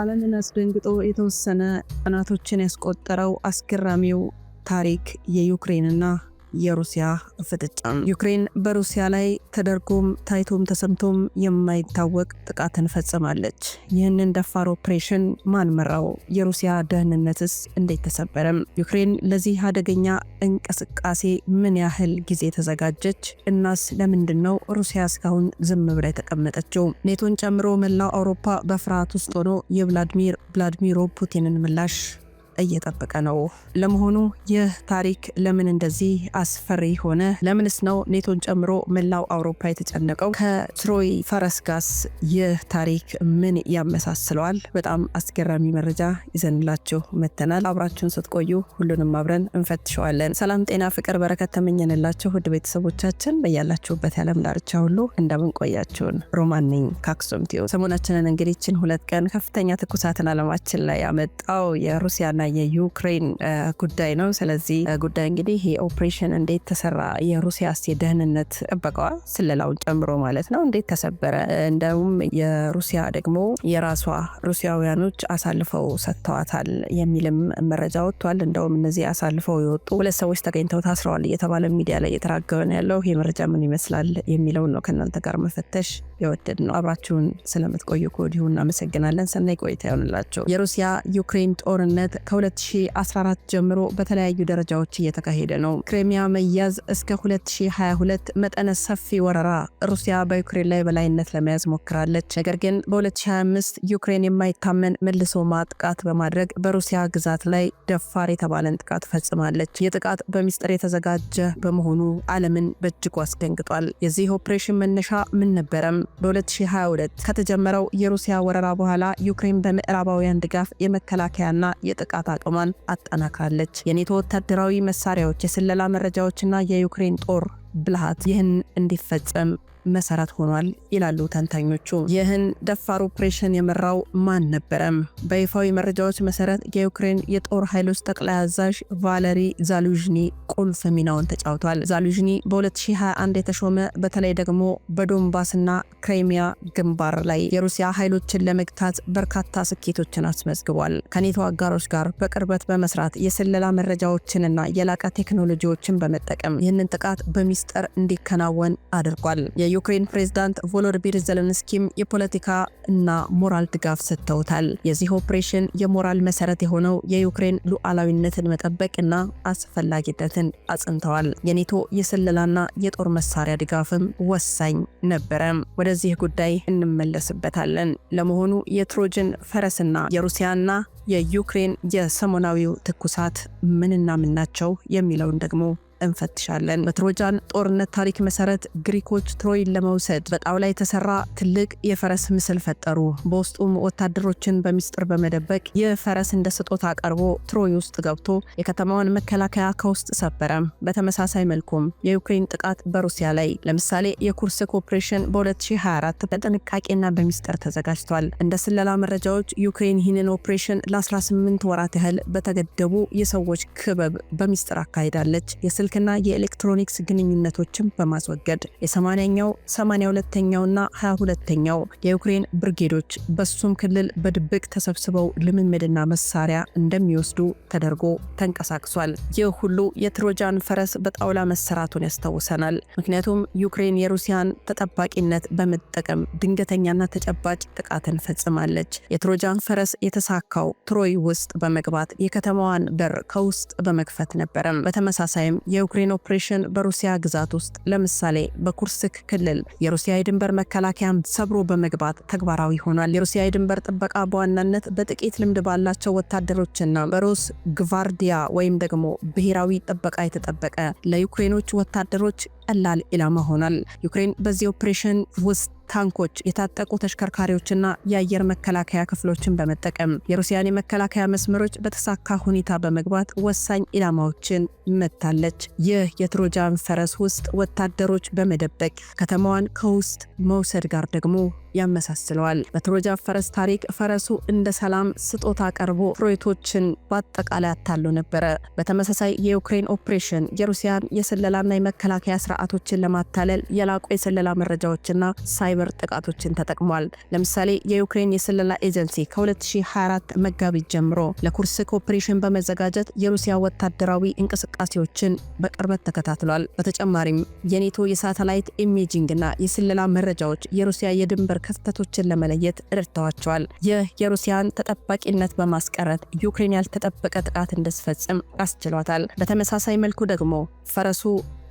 ዓለምን አስደንግጦ የተወሰነ ቀናቶችን ያስቆጠረው አስገራሚው ታሪክ የዩክሬንና የሩሲያ ፍጥጫ ዩክሬን በሩሲያ ላይ ተደርጎም ታይቶም ተሰምቶም የማይታወቅ ጥቃትን ፈጽማለች። ይህንን ደፋር ኦፕሬሽን ማን መራው? የሩሲያ ደህንነትስ እንዴት ተሰበረም? ዩክሬን ለዚህ አደገኛ እንቅስቃሴ ምን ያህል ጊዜ ተዘጋጀች? እናስ ለምንድን ነው ሩሲያ እስካሁን ዝም ብላ የተቀመጠችው? ኔቶን ጨምሮ መላው አውሮፓ በፍርሃት ውስጥ ሆኖ የቭላድሚር ቭላድሚሮ ፑቲንን ምላሽ እየጠበቀ ነው። ለመሆኑ ይህ ታሪክ ለምን እንደዚህ አስፈሪ ሆነ? ለምንስ ነው ኔቶን ጨምሮ መላው አውሮፓ የተጨነቀው? ከትሮይ ፈረስ ጋስ ይህ ታሪክ ምን ያመሳስለዋል? በጣም አስገራሚ መረጃ ይዘንላችሁ መተናል። አብራችሁን ስትቆዩ ሁሉንም አብረን እንፈትሸዋለን። ሰላም፣ ጤና፣ ፍቅር፣ በረከት ተመኘንላችሁ ውድ ቤተሰቦቻችን በያላችሁበት ያለም ዳርቻ ሁሉ እንደምን ቆያችሁን። ሮማን ነኝ ከአክሱም ቲዩብ። ሰሞናችንን እንግዲህ ይችን ሁለት ቀን ከፍተኛ ትኩሳትን አለማችን ላይ ያመጣው የሩሲያና የዩክሬን ጉዳይ ነው። ስለዚህ ጉዳይ እንግዲህ ይሄ ኦፕሬሽን እንዴት ተሰራ፣ የሩሲያስ የደህንነት ጥበቃዋ ስለላውን ጨምሮ ማለት ነው እንዴት ተሰበረ፣ እንደውም የሩሲያ ደግሞ የራሷ ሩሲያውያኖች አሳልፈው ሰጥተዋታል የሚልም መረጃ ወጥቷል። እንደውም እነዚህ አሳልፈው የወጡ ሁለት ሰዎች ተገኝተው ታስረዋል እየተባለ ሚዲያ ላይ እየተራገበ ነው ያለው። ይሄ መረጃ ምን ይመስላል የሚለውን ነው ከእናንተ ጋር መፈተሽ የወደድ ነው። አብራችሁን ስለምትቆዩ ከወዲሁ እናመሰግናለን። ሰናይ ቆይታ ይሆንላቸው። የሩሲያ ዩክሬን ጦርነት 2014 ጀምሮ በተለያዩ ደረጃዎች እየተካሄደ ነው። ክሬሚያ መያዝ እስከ 2022 መጠነ ሰፊ ወረራ ሩሲያ በዩክሬን ላይ በላይነት ለመያዝ ሞክራለች። ነገር ግን በ2025 ዩክሬን የማይታመን መልሶ ማጥቃት በማድረግ በሩሲያ ግዛት ላይ ደፋር የተባለን ጥቃት ፈጽማለች። የጥቃት በሚስጥር የተዘጋጀ በመሆኑ ዓለምን በእጅጉ አስደንግጧል። የዚህ ኦፕሬሽን መነሻ ምን ነበረም? በ2022 ከተጀመረው የሩሲያ ወረራ በኋላ ዩክሬን በምዕራባውያን ድጋፍ የመከላከያና የጥቃት የማጥቃት አቅሟን አጠናክራለች። የኔቶ ወታደራዊ መሳሪያዎች፣ የስለላ መረጃዎችና የዩክሬን ጦር ብልሃት ይህን እንዲፈጸም መሰረት ሆኗል ይላሉ ተንታኞቹ። ይህን ደፋር ኦፕሬሽን የመራው ማን ነበረም? በይፋዊ መረጃዎች መሰረት የዩክሬን የጦር ኃይሎች ጠቅላይ አዛዥ ቫለሪ ዛሉዥኒ ቁልፍ ሚናውን ተጫውቷል። ዛሉዥኒ በ2021 የተሾመ በተለይ ደግሞ በዶንባስና ክሬሚያ ግንባር ላይ የሩሲያ ኃይሎችን ለመግታት በርካታ ስኬቶችን አስመዝግቧል። ከኔቶ አጋሮች ጋር በቅርበት በመስራት የስለላ መረጃዎችንና የላቀ ቴክኖሎጂዎችን በመጠቀም ይህንን ጥቃት በሚስጥር እንዲከናወን አድርጓል። የዩክሬን ፕሬዝዳንት ቮሎዲሚር ዘለንስኪም የፖለቲካ እና ሞራል ድጋፍ ሰጥተውታል። የዚህ ኦፕሬሽን የሞራል መሰረት የሆነው የዩክሬን ሉዓላዊነትን መጠበቅና አስፈላጊነትን አጽንተዋል። የኔቶ የስለላና የጦር መሳሪያ ድጋፍም ወሳኝ ነበረ። ወደዚህ ጉዳይ እንመለስበታለን። ለመሆኑ የትሮጅን ፈረስና የሩሲያና የዩክሬን የሰሞናዊው ትኩሳት ምንና ምን ናቸው የሚለውን ደግሞ እንፈትሻለን። በትሮጃን ጦርነት ታሪክ መሰረት ግሪኮች ትሮይን ለመውሰድ በጣውላ የተሰራ ትልቅ የፈረስ ምስል ፈጠሩ። በውስጡም ወታደሮችን በሚስጥር በመደበቅ ይህ ፈረስ እንደ ስጦታ ቀርቦ ትሮይ ውስጥ ገብቶ የከተማዋን መከላከያ ከውስጥ ሰበረም። በተመሳሳይ መልኩም የዩክሬን ጥቃት በሩሲያ ላይ ለምሳሌ የኩርስክ ኦፕሬሽን በ2024 በጥንቃቄና በሚስጥር ተዘጋጅቷል። እንደ ስለላ መረጃዎች ዩክሬን ይህንን ኦፕሬሽን ለ18 ወራት ያህል በተገደቡ የሰዎች ክበብ በሚስጥር አካሂዳለች። የስልክና የኤሌክትሮኒክስ ግንኙነቶችን በማስወገድ የ80ኛው 82ኛውና 22ኛው የዩክሬን ብርጌዶች በሱም ክልል በድብቅ ተሰብስበው ልምምድና መሳሪያ እንደሚወስዱ ተደርጎ ተንቀሳቅሷል። ይህ ሁሉ የትሮጃን ፈረስ በጣውላ መሰራቱን ያስታውሰናል። ምክንያቱም ዩክሬን የሩሲያን ተጠባቂነት በመጠቀም ድንገተኛና ተጨባጭ ጥቃትን ፈጽማለች። የትሮጃን ፈረስ የተሳካው ትሮይ ውስጥ በመግባት የከተማዋን በር ከውስጥ በመክፈት ነበረም። በተመሳሳይም የዩክሬን ኦፕሬሽን በሩሲያ ግዛት ውስጥ ለምሳሌ በኩርስክ ክልል የሩሲያ የድንበር መከላከያም ሰብሮ በመግባት ተግባራዊ ሆኗል። የሩሲያ የድንበር ጥበቃ በዋናነት በጥቂት ልምድ ባላቸው ወታደሮችና በሩስ ግቫርዲያ ወይም ደግሞ ብሔራዊ ጥበቃ የተጠበቀ ለዩክሬኖች ወታደሮች ቀላል ኢላማ ሆኗል። ዩክሬን በዚህ ኦፕሬሽን ውስጥ ታንኮች፣ የታጠቁ ተሽከርካሪዎችና የአየር መከላከያ ክፍሎችን በመጠቀም የሩሲያን የመከላከያ መስመሮች በተሳካ ሁኔታ በመግባት ወሳኝ ኢላማዎችን መታለች። ይህ የትሮጃን ፈረስ ውስጥ ወታደሮች በመደበቅ ከተማዋን ከውስጥ መውሰድ ጋር ደግሞ ያመሳስለዋል። በትሮጃ ፈረስ ታሪክ ፈረሱ እንደ ሰላም ስጦታ ቀርቦ ትሮይቶችን በአጠቃላይ አታሎ ነበረ። በተመሳሳይ የዩክሬን ኦፕሬሽን የሩሲያን የስለላና የመከላከያ ስርዓቶችን ለማታለል የላቁ የስለላ መረጃዎችና ሳይበር ጥቃቶችን ተጠቅሟል። ለምሳሌ የዩክሬን የስለላ ኤጀንሲ ከ2024 መጋቢት ጀምሮ ለኩርስክ ኦፕሬሽን በመዘጋጀት የሩሲያ ወታደራዊ እንቅስቃሴዎችን በቅርበት ተከታትሏል። በተጨማሪም የኔቶ የሳተላይት ኢሜጂንግ እና የስለላ መረጃዎች የሩሲያ የድንበር ክፍተቶችን ለመለየት ረድተዋቸዋል። ይህ የሩሲያን ተጠባቂነት በማስቀረት ዩክሬን ያልተጠበቀ ጥቃት እንድትፈጽም አስችሏታል። በተመሳሳይ መልኩ ደግሞ ፈረሱ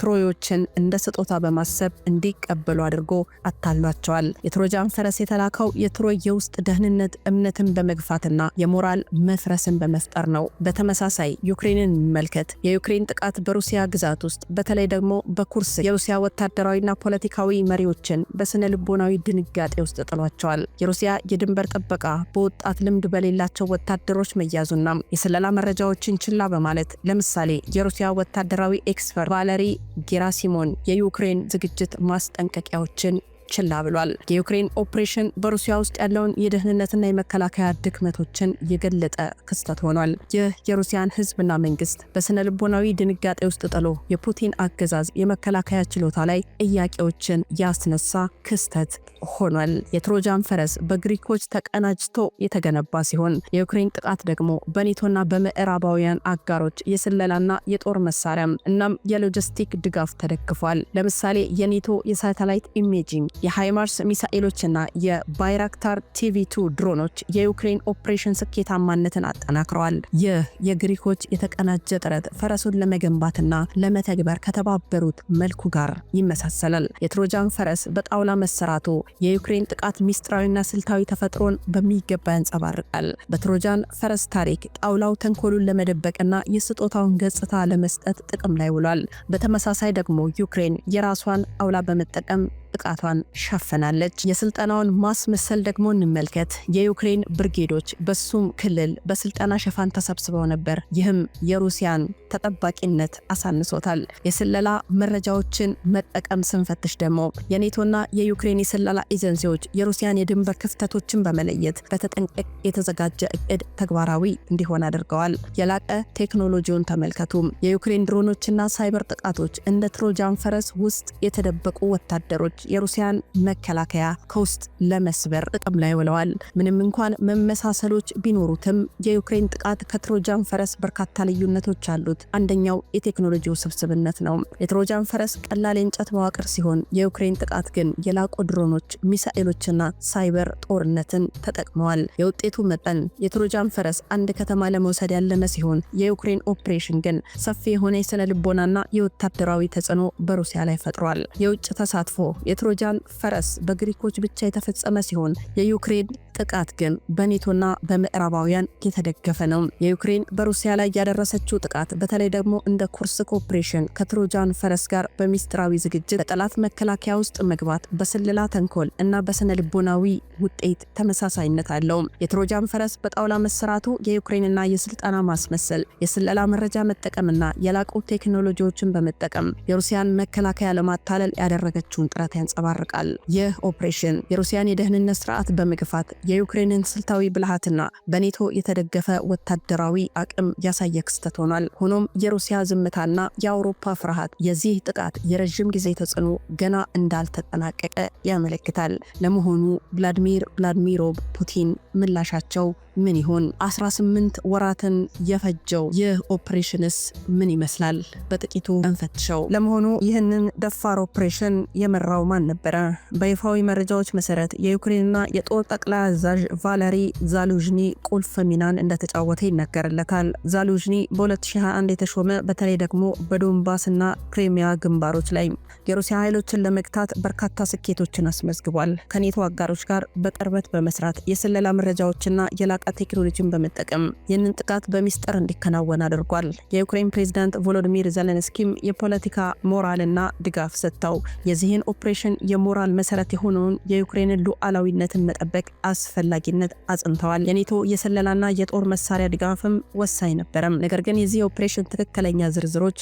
ትሮዮችን እንደ ስጦታ በማሰብ እንዲቀበሉ አድርጎ አታሏቸዋል። የትሮጃን ፈረስ የተላከው የትሮይ የውስጥ ደህንነት እምነትን በመግፋትና የሞራል መፍረስን በመፍጠር ነው። በተመሳሳይ ዩክሬንን መልከት የዩክሬን ጥቃት በሩሲያ ግዛት ውስጥ በተለይ ደግሞ በኩርስ የሩሲያ ወታደራዊና ፖለቲካዊ መሪዎችን በስነ ልቦናዊ ድንጋጤ ውስጥ ጥሏቸዋል። የሩሲያ የድንበር ጥበቃ በወጣት ልምድ በሌላቸው ወታደሮች መያዙና የስለላ መረጃዎችን ችላ በማለት ለምሳሌ የሩሲያ ወታደራዊ ኤክስፐርት ቫለሪ ጌራሲሞን የዩክሬን ዝግጅት ማስጠንቀቂያዎችን ችላ ብሏል። የዩክሬን ኦፕሬሽን በሩሲያ ውስጥ ያለውን የደህንነትና የመከላከያ ድክመቶችን የገለጠ ክስተት ሆኗል። ይህ የሩሲያን ህዝብና መንግስት በስነ ልቦናዊ ድንጋጤ ውስጥ ጥሎ የፑቲን አገዛዝ የመከላከያ ችሎታ ላይ ጥያቄዎችን ያስነሳ ክስተት ሆኗል። የትሮጃን ፈረስ በግሪኮች ተቀናጅቶ የተገነባ ሲሆን የዩክሬን ጥቃት ደግሞ በኔቶና በምዕራባውያን አጋሮች የስለላና የጦር መሳሪያም እናም የሎጂስቲክ ድጋፍ ተደግፏል። ለምሳሌ የኔቶ የሳተላይት ኢሜጂንግ የሃይማርስ ሚሳኤሎችና የባይራክታር ቲቪ2 ድሮኖች የዩክሬን ኦፕሬሽን ስኬታማነትን አጠናክረዋል። ይህ የግሪኮች የተቀናጀ ጥረት ፈረሱን ለመገንባትና ለመተግበር ከተባበሩት መልኩ ጋር ይመሳሰላል። የትሮጃን ፈረስ በጣውላ መሰራቱ የዩክሬን ጥቃት ሚስጥራዊና ስልታዊ ተፈጥሮን በሚገባ ያንጸባርቃል። በትሮጃን ፈረስ ታሪክ ጣውላው ተንኮሉን ለመደበቅና የስጦታውን ገጽታ ለመስጠት ጥቅም ላይ ውሏል። በተመሳሳይ ደግሞ ዩክሬን የራሷን ጣውላ በመጠቀም ጥቃቷን ሸፍናለች። የስልጠናውን ማስመሰል ደግሞ እንመልከት። የዩክሬን ብርጌዶች በሱም ክልል በስልጠና ሽፋን ተሰብስበው ነበር። ይህም የሩሲያን ተጠባቂነት አሳንሶታል። የስለላ መረጃዎችን መጠቀም ስንፈትሽ ደግሞ የኔቶና የዩክሬን የስለላ ኤጀንሲዎች የሩሲያን የድንበር ክፍተቶችን በመለየት በተጠንቀቅ የተዘጋጀ እቅድ ተግባራዊ እንዲሆን አድርገዋል። የላቀ ቴክኖሎጂውን ተመልከቱ። የዩክሬን ድሮኖችና ሳይበር ጥቃቶች እንደ ትሮጃን ፈረስ ውስጥ የተደበቁ ወታደሮች የሩሲያን መከላከያ ከውስጥ ለመስበር ጥቅም ላይ ውለዋል። ምንም እንኳን መመሳሰሎች ቢኖሩትም የዩክሬን ጥቃት ከትሮጃን ፈረስ በርካታ ልዩነቶች አሉት። አንደኛው የቴክኖሎጂ ውስብስብነት ነው። የትሮጃን ፈረስ ቀላል የእንጨት መዋቅር ሲሆን፣ የዩክሬን ጥቃት ግን የላቁ ድሮኖች፣ ሚሳኤሎችና ሳይበር ጦርነትን ተጠቅመዋል። የውጤቱ መጠን የትሮጃን ፈረስ አንድ ከተማ ለመውሰድ ያለመ ሲሆን፣ የዩክሬን ኦፕሬሽን ግን ሰፊ የሆነ የስነ ልቦናና የወታደራዊ ተጽዕኖ በሩሲያ ላይ ፈጥሯል። የውጭ ተሳትፎ የትሮጃን ፈረስ በግሪኮች ብቻ የተፈጸመ ሲሆን የዩክሬን ጥቃት ግን በኔቶና በምዕራባውያን የተደገፈ ነው። የዩክሬን በሩሲያ ላይ ያደረሰችው ጥቃት በተለይ ደግሞ እንደ ኩርስክ ኦፕሬሽን ከትሮጃን ፈረስ ጋር በሚስጥራዊ ዝግጅት በጠላት መከላከያ ውስጥ መግባት፣ በስልላ ተንኮል እና በስነ ልቦናዊ ውጤት ተመሳሳይነት አለው። የትሮጃን ፈረስ በጣውላ መሰራቱ የዩክሬንና የስልጠና ማስመሰል፣ የስለላ መረጃ መጠቀምና የላቁ ቴክኖሎጂዎችን በመጠቀም የሩሲያን መከላከያ ለማታለል ያደረገችውን ጥረት ያንጸባርቃል። ይህ ኦፕሬሽን የሩሲያን የደህንነት ስርዓት በመግፋት የዩክሬንን ስልታዊ ብልሃትና በኔቶ የተደገፈ ወታደራዊ አቅም ያሳየ ክስተት ሆኗል። ሆኖም የሩሲያ ዝምታና የአውሮፓ ፍርሃት የዚህ ጥቃት የረዥም ጊዜ ተጽዕኖ ገና እንዳልተጠናቀቀ ያመለክታል። ለመሆኑ ቭላድሚር ቭላድሚሮቭ ፑቲን ምላሻቸው ምን ይሆን? 18 ወራትን የፈጀው ይህ ኦፕሬሽንስ ምን ይመስላል? በጥቂቱ እንፈትሸው። ለመሆኑ ይህንን ደፋር ኦፕሬሽን የመራው ማን ነበረ? በይፋዊ መረጃዎች መሰረት የዩክሬንና የጦር ጠቅላይ አዛዥ ቫለሪ ዛሉዥኒ ቁልፍ ሚናን እንደተጫወተ ይነገርለታል። ዛሉዥኒ በ2021 የተሾመ በተለይ ደግሞ በዶንባስና ክሪሚያ ግንባሮች ላይ የሩሲያ ኃይሎችን ለመግታት በርካታ ስኬቶችን አስመዝግቧል። ከኔቶ አጋሮች ጋር በቅርበት በመስራት የስለላ መረጃዎችና የላቀ ቴክኖሎጂን በመጠቀም ይህንን ጥቃት በሚስጥር እንዲከናወን አድርጓል። የዩክሬን ፕሬዚዳንት ቮሎዲሚር ዘለንስኪም የፖለቲካ ሞራልና ድጋፍ ሰጥተው የዚህን ኦፕሬሽን የሞራል መሰረት የሆነውን የዩክሬንን ሉዓላዊነትን መጠበቅ አስፈላጊነት አጽንተዋል። የኔቶ የሰለላና የጦር መሳሪያ ድጋፍም ወሳኝ ነበረም። ነገር ግን የዚህ የኦፕሬሽን ትክክለኛ ዝርዝሮች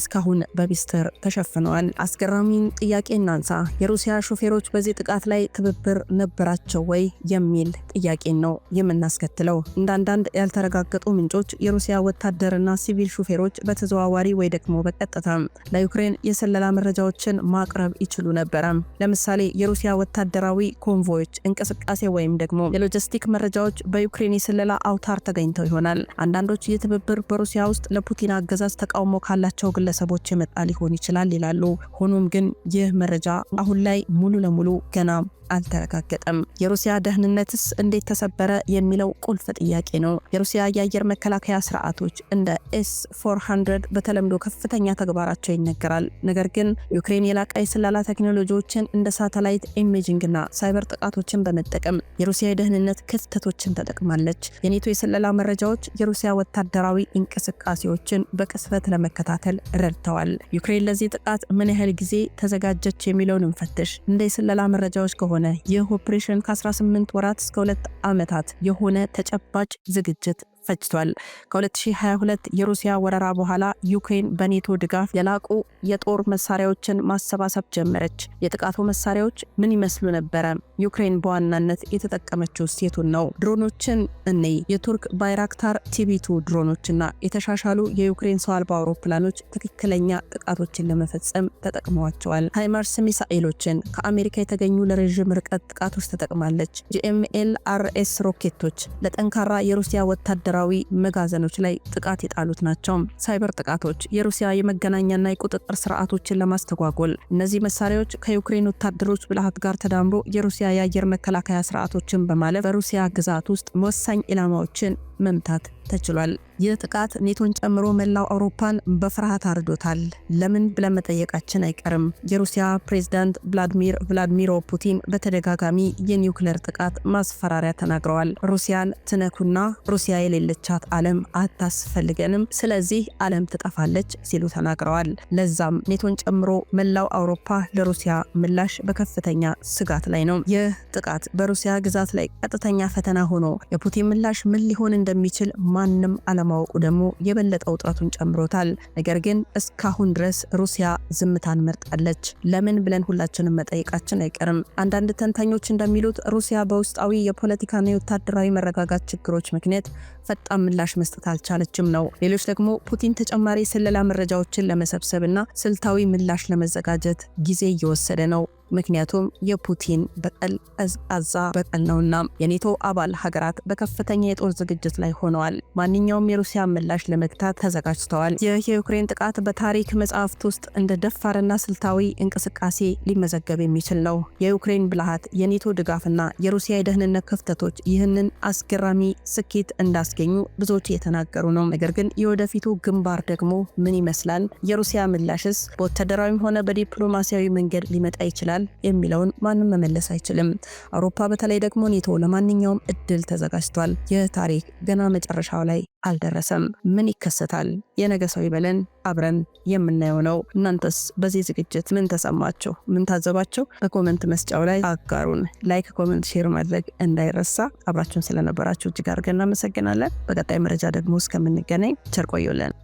እስካሁን በሚስጥር ተሸፍነዋል። አስገራሚን ጥያቄ እናንሳ። የሩሲያ ሾፌሮች በዚህ ጥቃት ላይ ትብብር ነበራቸው ወይ የሚል ጥያቄን ነው የምናስከ የሚያስከትለው። እንዳንዳንድ ያልተረጋገጡ ምንጮች የሩሲያ ወታደርና ሲቪል ሹፌሮች በተዘዋዋሪ ወይ ደግሞ በቀጥታ ለዩክሬን የስለላ መረጃዎችን ማቅረብ ይችሉ ነበረ። ለምሳሌ የሩሲያ ወታደራዊ ኮንቮዮች እንቅስቃሴ ወይም ደግሞ የሎጂስቲክ መረጃዎች በዩክሬን የስለላ አውታር ተገኝተው ይሆናል። አንዳንዶች ይህ ትብብር በሩሲያ ውስጥ ለፑቲን አገዛዝ ተቃውሞ ካላቸው ግለሰቦች የመጣ ሊሆን ይችላል ይላሉ። ሆኖም ግን ይህ መረጃ አሁን ላይ ሙሉ ለሙሉ ገና አልተረጋገጠም። የሩሲያ ደህንነትስ እንዴት ተሰበረ የሚለው ቁልፍ ጥያቄ ነው። የሩሲያ የአየር መከላከያ ስርዓቶች እንደ ኤስ 400 በተለምዶ ከፍተኛ ተግባራቸው ይነገራል። ነገር ግን ዩክሬን የላቀ የስለላ ቴክኖሎጂዎችን እንደ ሳተላይት ኢሜጂንግና ሳይበር ጥቃቶችን በመጠቀም የሩሲያ የደህንነት ክፍተቶችን ተጠቅማለች። የኔቶ የስለላ መረጃዎች የሩሲያ ወታደራዊ እንቅስቃሴዎችን በቅስፈት ለመከታተል ረድተዋል። ዩክሬን ለዚህ ጥቃት ምን ያህል ጊዜ ተዘጋጀች የሚለውን እንፈትሽ። እንደ የስለላ መረጃዎች ከሆነ ሆነ። ይህ ኦፕሬሽን ከ18 ወራት እስከ 2 ዓመታት የሆነ ተጨባጭ ዝግጅት ፈጅቷል። ከ2022 የሩሲያ ወረራ በኋላ ዩክሬን በኔቶ ድጋፍ የላቁ የጦር መሳሪያዎችን ማሰባሰብ ጀመረች። የጥቃቱ መሳሪያዎች ምን ይመስሉ ነበረ? ዩክሬን በዋናነት የተጠቀመችው ሴቱን ነው። ድሮኖችን እኔ የቱርክ ባይራክታር ቲቢቱ ድሮኖችና የተሻሻሉ የዩክሬን ሰው አልባ አውሮፕላኖች ትክክለኛ ጥቃቶችን ለመፈጸም ተጠቅመዋቸዋል። ሃይማርስ ሚሳኤሎችን ከአሜሪካ የተገኙ ለረዥም ርቀት ጥቃቶች ተጠቅማለች። ጂኤምኤል አርኤስ ሮኬቶች ለጠንካራ የሩሲያ ወታደ ወታደራዊ መጋዘኖች ላይ ጥቃት የጣሉት ናቸው። ሳይበር ጥቃቶች የሩሲያ የመገናኛና የቁጥጥር ስርዓቶችን ለማስተጓጎል እነዚህ መሳሪያዎች ከዩክሬን ወታደሮች ብልሃት ጋር ተዳምሮ የሩሲያ የአየር መከላከያ ስርዓቶችን በማለፍ በሩሲያ ግዛት ውስጥ ወሳኝ ኢላማዎችን መምታት ተችሏል። ይህ ጥቃት ኔቶን ጨምሮ መላው አውሮፓን በፍርሃት አርዶታል። ለምን ብለን መጠየቃችን አይቀርም። የሩሲያ ፕሬዝዳንት ቭላድሚር ቭላድሚሮ ፑቲን በተደጋጋሚ የኒውክሌር ጥቃት ማስፈራሪያ ተናግረዋል። ሩሲያን ትነኩና ሩሲያ የሌለቻት ዓለም አታስፈልገንም፣ ስለዚህ ዓለም ትጠፋለች ሲሉ ተናግረዋል። ለዛም ኔቶን ጨምሮ መላው አውሮፓ ለሩሲያ ምላሽ በከፍተኛ ስጋት ላይ ነው። ይህ ጥቃት በሩሲያ ግዛት ላይ ቀጥተኛ ፈተና ሆኖ የፑቲን ምላሽ ምን ሊሆን እንደ እንደሚችል ማንም አለማወቁ ደግሞ የበለጠ ውጥረቱን ጨምሮታል። ነገር ግን እስካሁን ድረስ ሩሲያ ዝምታን መርጣለች። ለምን ብለን ሁላችንም መጠየቃችን አይቀርም። አንዳንድ ተንታኞች እንደሚሉት ሩሲያ በውስጣዊ የፖለቲካና የወታደራዊ መረጋጋት ችግሮች ምክንያት ፈጣን ምላሽ መስጠት አልቻለችም ነው። ሌሎች ደግሞ ፑቲን ተጨማሪ የስለላ መረጃዎችን ለመሰብሰብ እና ስልታዊ ምላሽ ለመዘጋጀት ጊዜ እየወሰደ ነው ምክንያቱም የፑቲን በቀል ቀዝቃዛ በቀል ነውና። የኔቶ አባል ሀገራት በከፍተኛ የጦር ዝግጅት ላይ ሆነዋል። ማንኛውም የሩሲያ ምላሽ ለመግታት ተዘጋጅተዋል። ይህ የዩክሬን ጥቃት በታሪክ መጽሐፍት ውስጥ እንደ ደፋርና ስልታዊ እንቅስቃሴ ሊመዘገብ የሚችል ነው። የዩክሬን ብልሃት፣ የኔቶ ድጋፍና የሩሲያ የደህንነት ክፍተቶች ይህንን አስገራሚ ስኬት እንዳስገኙ ብዙዎች እየተናገሩ ነው። ነገር ግን የወደፊቱ ግንባር ደግሞ ምን ይመስላል? የሩሲያ ምላሽስ በወታደራዊም ሆነ በዲፕሎማሲያዊ መንገድ ሊመጣ ይችላል? ይችላል የሚለውን ማንም መመለስ አይችልም። አውሮፓ በተለይ ደግሞ ኔቶ ለማንኛውም እድል ተዘጋጅቷል። ይህ ታሪክ ገና መጨረሻው ላይ አልደረሰም። ምን ይከሰታል? የነገ ሰው ይበለን፣ አብረን የምናየው ነው። እናንተስ በዚህ ዝግጅት ምን ተሰማችሁ? ምን ታዘባችሁ? በኮመንት መስጫው ላይ አጋሩን። ላይክ፣ ኮመንት፣ ሼር ማድረግ እንዳይረሳ። አብራችሁን ስለነበራችሁ እጅግ አድርገን እናመሰግናለን። በቀጣይ መረጃ ደግሞ እስከምንገናኝ ቸር ቆዩልን።